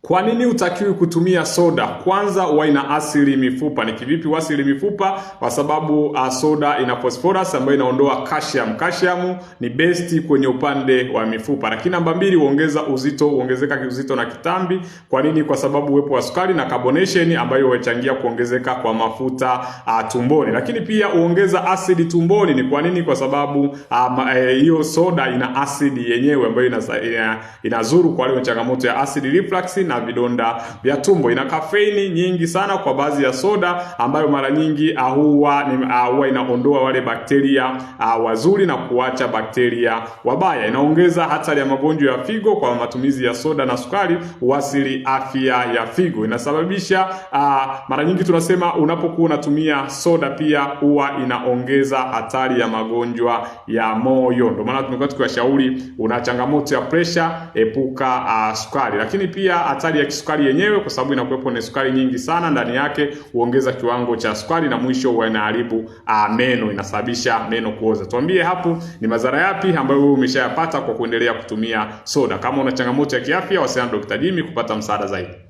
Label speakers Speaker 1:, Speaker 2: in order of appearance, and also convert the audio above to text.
Speaker 1: Kwa nini utakiwi kutumia soda? Kwanza huwa ina asili mifupa. Ni kivipi wasili mifupa? Kwa sababu uh, soda ina phosphorus ambayo inaondoa calcium. Calcium ni best kwenye upande wa mifupa. Lakini namba mbili, huongeza uzito, huongezeka uzito na kitambi. Kwa nini? Kwa sababu uwepo wa sukari na carbonation ambayo huchangia kuongezeka kwa mafuta a, uh, tumboni. Lakini pia huongeza asidi tumboni. Ni kwa nini? Kwa sababu uh, eh, hiyo e, soda ina asidi yenyewe ambayo eh, inazuru ina, ina kwa ile changamoto ya acid reflux na vidonda vya tumbo. Ina kafeini nyingi sana kwa baadhi ya soda ambayo mara nyingi ah, ah, huwa inaondoa wale bakteria uh, wazuri na kuacha bakteria wabaya. Inaongeza hatari ya magonjwa ya figo kwa matumizi ya soda na sukari huathiri afya ya figo. Inasababisha uh, mara nyingi tunasema unapokuwa unatumia soda pia huwa inaongeza hatari ya magonjwa ya moyo. Ndio maana tumekuwa tukiwashauri una changamoto ya presha, epuka uh, sukari, lakini pia hatari ya kisukari yenyewe, kwa sababu inakuwepo na sukari nyingi sana ndani yake, huongeza kiwango cha sukari na mwisho inaharibu uh, meno, inasababisha meno kuoza. Tuambie hapo ni madhara yapi ambayo wewe umeshayapata kwa kuendelea kutumia soda. Kama una changamoto ya kiafya, wasiliana na Dr. Jimmy kupata msaada zaidi.